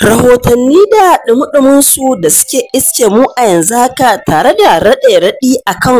rahotanni da su da suke iske mu a yanzu haka tare da raɗe-raɗi akan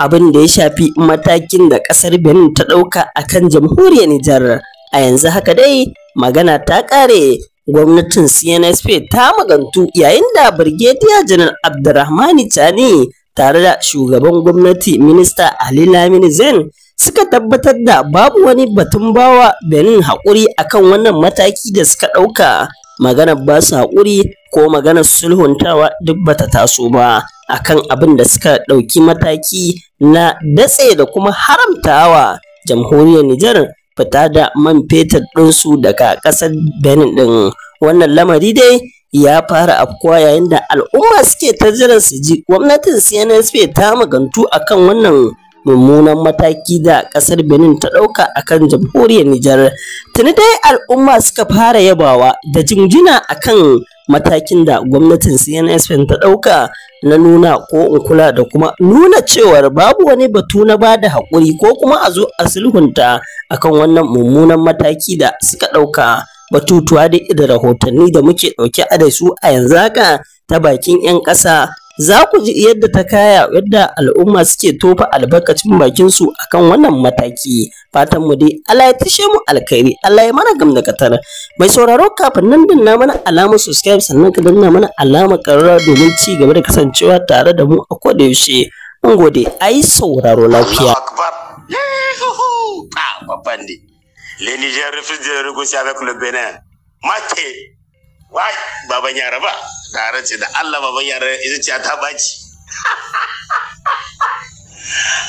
abin da ya shafi matakin da ƙasar benin ta ɗauka akan jamhuriyar nijar a yanzu haka dai magana ta ƙare gwamnatin cnsp ta magantu yayin da birgediya janar abdurrahmani chani tare da shugaban gwamnati minista ali lamini zain suka tabbatar da babu wani batun bawa benin haƙuri akan wannan mataki da suka ɗauka maganar ba su haƙuri ko maganar sulhuntawa duk bata taso ba akan abin da suka ɗauki mataki na datse da kuma haramtawa jamhuriyar Nijar fita da man fetur ɗinsu daga ƙasar Benin ɗin. Wannan lamari dai ya fara afkuwa yayin da al'umma suke ta jiran su ji gwamnatin CNSP ta magantu akan wannan mummunan mataki da ƙasar Benin ta ɗauka akan jamhuriyar Nijar. Tuni dai al'umma suka fara yabawa da jinjina akan matakin da gwamnatin CNSP ta ɗauka na nuna ko in kula da kuma nuna cewar babu wani batu na ba da haƙuri ko kuma a zo a sulhunta akan wannan mummunan mataki da suka ɗauka. Batutuwa da rahotanni da muke ɗauke a da su a yanzu haka ta bakin 'yan ƙasa Za ku ji yadda ta kaya yadda al'umma suke tofa albarkacin bakinsu a kan wannan mataki. Fatanmu dai Allah ya tishe mu alkhairi, Allah ya mana katara. Mai sauraro kafin nan na mana alamar subscribe sannan ka danna mana alamar karara domin ci gaba da kasancewa tare da mu a koda yaushe. Mun gode, ai sauraro lafiya. Ah, babban ne. de négocier avec le Bénin. wai baban yara ba tare ce da Allah baban yara ita ce ta baci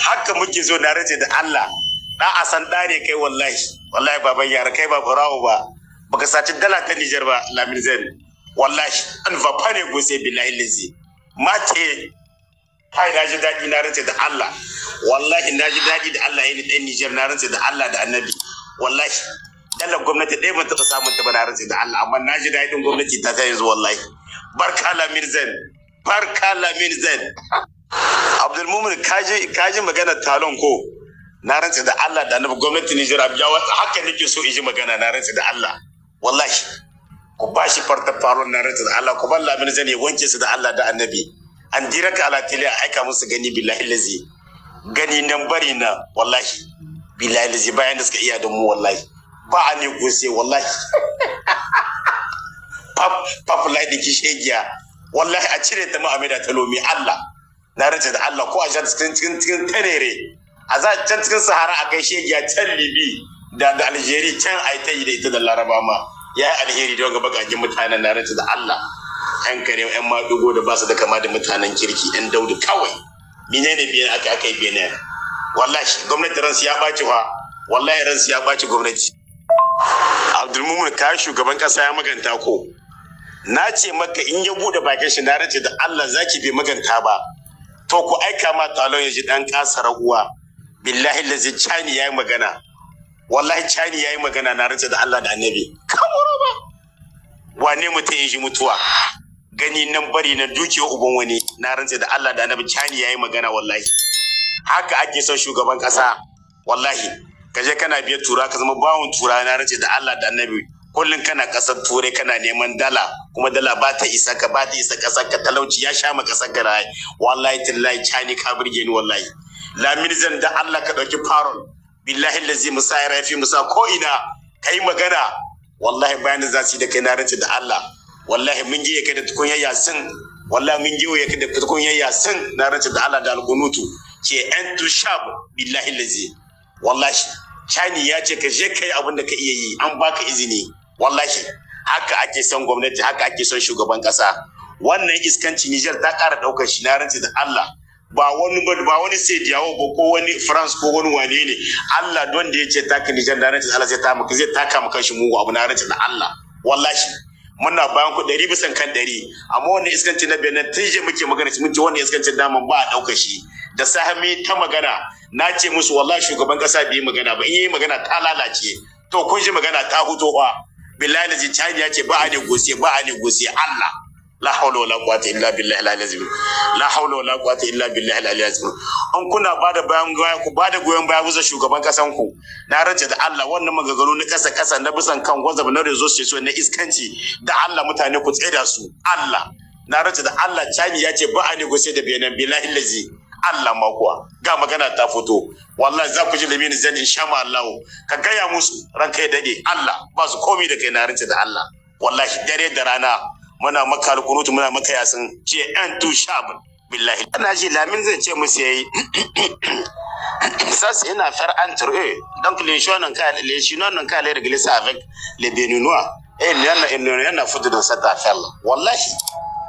haka muke zo na race da Allah da a san da ne kai wallahi wallahi baban yara kai ba burawo ba baka saci dala ta Niger ba lamin zan wallahi an va pane gose billahi lazi mace kai na ji daɗi na rance da Allah wallahi na ji daɗi da Allah yayin dan Niger na rance da Allah da Annabi wallahi dalar gwamnati ɗaya ban taɓa samun ta ba na da Allah amma na ji daɗin gwamnati ta ta yanzu wallahi barka lamin zen barka lamin zen abdulmumin kaji kaji magana talon ko na rantsi da Allah da annabi gwamnati Nijar Abuja wata haka nake so in ji magana na rantsi da Allah wallahi ku ba shi farta faron na rantsi da Allah ku ban lamin zen ya wanke su da Allah da annabi an dira ka ala tele aika musu gani billahi lazi gani nan bari na wallahi billahi lazi bayan da suka iya da mu wallahi ba a ne gose wallahi pap lai da giya wallahi a cire ta ma'amai da talomi Allah na race da Allah ko a sha cikin cikin tanere a za can cikin sahara a kai giya can libi da da aljeri can a ta yi da ita da Laraba ma ya yi alheri da wanga bakakin mutanen na race da Allah yan kare yan maɗigo da ba su da kama da mutanen kirki yan daudu kawai mine ne biyan aka aka yi biyan wallahi gwamnati ransu ya ɓaci fa wallahi ransu ya ɓaci gwamnati abdulmumin ka shugaban kasa ya maganta ko na ce maka in ya bude bakin shi na race da Allah zaki bai maganta ba to ku aika ma talon ya ji dan kasa raguwa billahi lazi chani yayi magana wallahi chani yayi magana na race da Allah da annabi kamar ba wane mutum ya ji mutuwa gani nan bari na dukiyar uban wani na rance da Allah da annabi chani yayi magana wallahi haka ake son shugaban kasa wallahi ka je kana biyar tura ka zama bawon tura na race da Allah da annabi kullum kana kasar turai kana neman dala kuma dala ba ta isa ka ba ta isa kasar ka talauci ya sha maka kasar ka wallahi tallahi cani ka burge ni wallahi zan da Allah ka dauki farol billahi allazi musa ya rafi musa ko ina kai magana wallahi bayan da za su yi da kai na race da Allah wallahi mun je kai da yayya sun wallahi mun je kai da yayya sun na race da Allah da alqunutu ce antu shab billahi allazi wallahi cani ya ce ka je kai abin da ka iya yi an baka izini wallahi haka ake son gwamnati haka ake son shugaban kasa wannan iskanci Nijar ta kara ɗaukar shi na rantsi da Allah ba wani ba wani sai jawo ba ko wani France ko wani wane ne Allah don da ya ce taka Nijar na rantsi Allah zai taka maka zai taka maka shi mugu abu na rantsi da Allah wallahi muna bayan ku ɗari bisan kan ɗari amma wannan iskancin na benin tun je muke magana mun ce wannan iskancin daman ba a ɗauka shi da sahami ta magana na ce musu wallahi shugaban ƙasa bai magana ba in yi magana ta lalace to kun ji magana ta hutowa billahi na ya ce ba a ne gosi ba a ne gosi Allah la haula wala quwwata illa billahi al-azim la haula wala quwwata illa billahi al-azim an kuna bada bayan goyon ku bada goyon baya kusa shugaban kasan ku na rance da Allah wannan magagaru na kasa kasa na bisan kan gwazaba na rezo ce na iskanci da Allah mutane ku tsaya su Allah na rance da Allah cani ya ce ba a ne gose da bayanan billahi lazi Allah ma kuwa ga magana ta fito wallahi za ku ji da mini zan insha Allah ka gaya musu ranka ya dade Allah ba su komi da kai na rance da Allah wallahi dare da rana muna maka alkunutu muna maka yasin ce an tu shabun billahi ana ji lamin zai ce musu yayi sas ina far antur eh donc les chinois ka les chinois n'ont qu'à aller régler avec les béninois eh yana en a fudu da en fella wallahi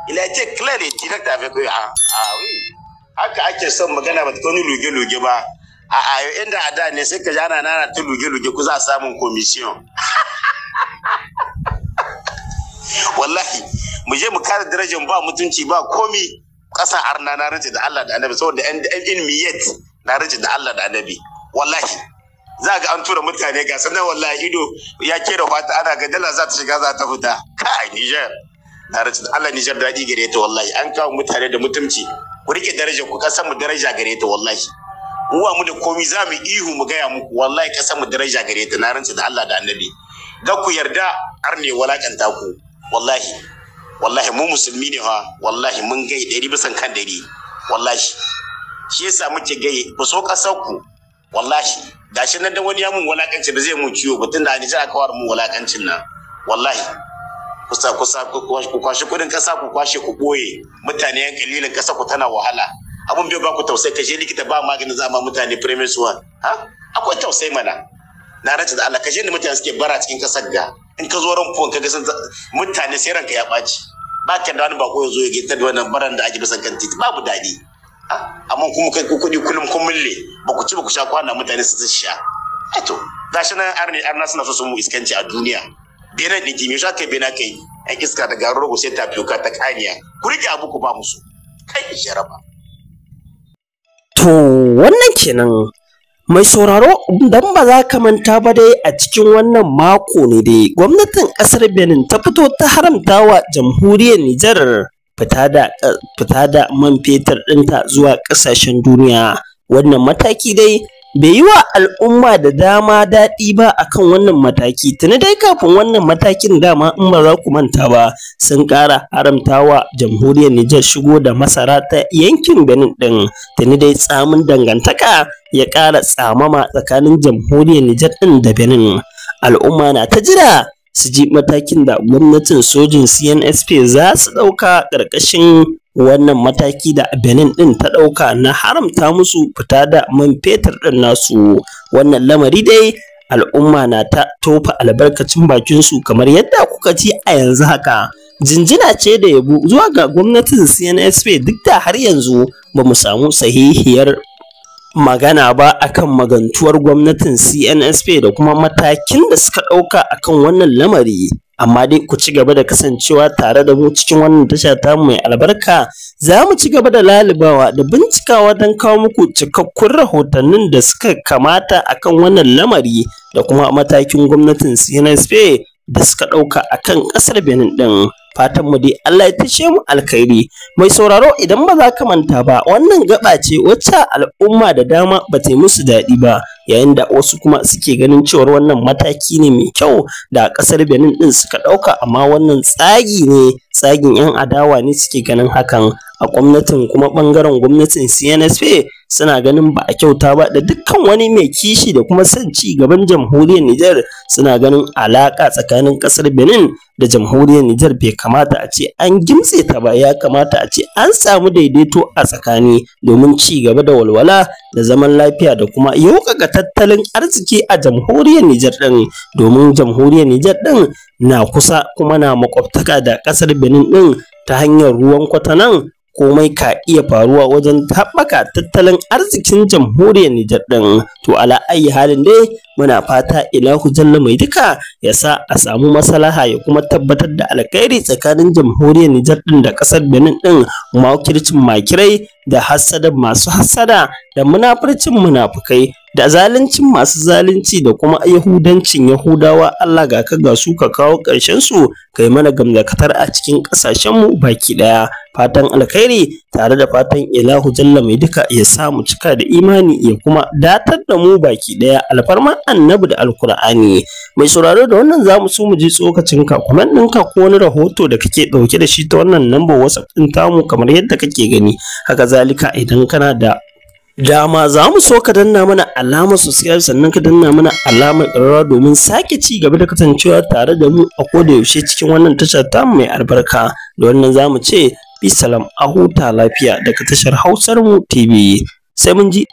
il a été clair et eh, direct avec eux ah, oui haka ake son magana ba ko ni luge-luge ba a inda a'da ne sai ka jana nana ta luge-luge ku za samun commission wallahi mu je mu kare darajar ba mutunci ba komi kasa arna na rance da Allah da annabi saboda mi yet na rance da Allah da annabi wallahi za ga an tura mutane ga sanar wallahi ido ya kera fata ana ga dala za ta shiga za ta fita kai Niger na rance da Allah Niger daɗi gare ta wallahi an kawo mutane da mutunci ku rike darajar ku kasan mu daraja gare ta wallahi uwa mu da komi za mu ihu mu gaya muku wallahi kasan mu daraja gare ta na rance da Allah da annabi ga ku yarda arne walakanta ku wallahi wallahi mu musulmi ne ha wallahi mun gai ɗari bisan kan ɗari wallahi shi yasa muke gai ba so ƙasar ku wallahi shi nan da wani ya mun walakanci ba zai mun ciwo ba tunda ni aka war mun walakancin nan wallahi kusa kusa ku kwashi kudin kasa ku kwashe ku boye mutane yan kalilin kasa ku tana wahala abun bai ba ku tausayi ka je likita ba maganin zama mutane premier suwa ha akwai tausayi mana na rantsa da Allah ka je ni mutane suke bara cikin kasar ga in ka zo ran fuwan ka ga mutane sai ranka ya ɓaci ba ka da wani bako ya zo ya gita da wannan baran da ake bisan kan titi babu daɗi ah, amma kuma kai ku kuɗi kullum kun mulle ba ku ci ba ku sha kwana mutane su sha eto eh shi nan arni arna suna so su mu iskanci a duniya bena ɗin me shi aka bena kai yan iska da garuru rogo sai fuka ta kaniya ku rike abu ku ba musu kai jaraba to wannan kenan Mai sauraro don ba za ka manta ba dai a cikin wannan mako ne dai gwamnatin ƙasar Benin ta fito ta haramta wa jamhuriyar Nijar fita da man fetur ɗinta zuwa ƙasashen duniya. Wannan mataki dai bai yi wa al'umma da dama daɗi ba a kan wannan mataki tuni dai kafin wannan matakin dama in ba za ku manta ba sun ƙara haramtawa jamhuriyar Nijar shigo da masara ta yankin Benin ɗin tuni dai tsamin dangantaka ya ƙara tsamama tsakanin jamhuriyar Nijar ɗin da Benin al'umma na ta jira su ji matakin da gwamnatin sojin CNSP za su ɗauka ƙarƙashin wannan mataki da Benin ɗin ta ɗauka na haramta musu fita da man fetur ɗin nasu wannan lamari dai al'umma na ta tofa albarkacin bakinsu kamar yadda kuka ci a yanzu haka jinjina ce da yabo zuwa ga gwamnatin cnsp duk da har yanzu ba mu samu sahihiyar magana ba akan magantuwar gwamnatin cnsp da kuma matakin da suka ɗauka akan wannan lamari amma dai ku ci gaba da kasancewa tare da mu cikin wannan tasha ta mai albarka za mu ci gaba da lalubawa da bincikawa don kawo muku cikakkun rahotannin da suka kamata akan wannan lamari da kuma matakin gwamnatin cnsp da suka ɗauka akan ƙasar benin ɗin fatan mu dai Allah ya tashe mu alkhairi mai sauraro idan ba za ka manta ba wannan gaba ce wacce al'umma da dama ba ta musu daɗi ba yayin da wasu kuma suke ganin cewar wannan mataki ne mai kyau da ƙasar Benin din suka ɗauka amma wannan tsagi ne tsagin 'yan adawa ne suke ganin hakan a gwamnatin kuma bangaren gwamnatin CNSP suna ganin ba a kyauta ba da dukkan wani mai kishi da kuma son ci gaban jamhuriyar Nijar suna ganin alaka tsakanin ƙasar Benin da jamhuriyar Nijar bai kamata a ce an gimtse ta ba ya kamata a ce an samu daidaito a tsakani domin ci gaba da walwala da zaman lafiya da kuma yaukaka tattalin arziki a jamhuriyar Nijar din domin jamhuriyar Nijar din na kusa kuma na makwabtaka da kasar Benin din ta hanyar ruwan kwatanan komai ka iya faruwa wajen haɓaka tattalin arzikin jamhuriyar Nijar ɗin. To ala ayi halin dai muna fata ilahu jalla mai duka ya sa a samu maslaha ya kuma tabbatar da alkhairi tsakanin jamhuriyar Nijar ɗin da ƙasar Benin ɗin makircin makirai da hasada masu hassada da munafurcin munafukai da zaluncin masu zalunci da kuma yahudancin yahudawa Allah ga ka ga su ka kawo ƙarshen su kai mana gamzakatar a cikin mu baki ɗaya fatan alkhairi tare da fatan ilahu jalla mai duka ya samu cika da imani ya kuma datar da mu baki ɗaya alfarma annabi da alkur'ani mai sauraro da wannan zamu so mu ji tsokacin ka kuma ɗinka ko wani rahoto da kake ɗauke da shi ta wannan namba whatsapp ɗin tamu kamar yadda kake gani haka zalika idan kana da dama za mu so ka danna mana alamar subscribe sannan ka danna mana alamar ƙararrawa domin sake ci gaba da kasancewa tare da mu a koda yaushe cikin wannan tashar ta mai albarka da wannan za mu ce bisalam a huta lafiya daga tashar hausar mu tv sai mun ji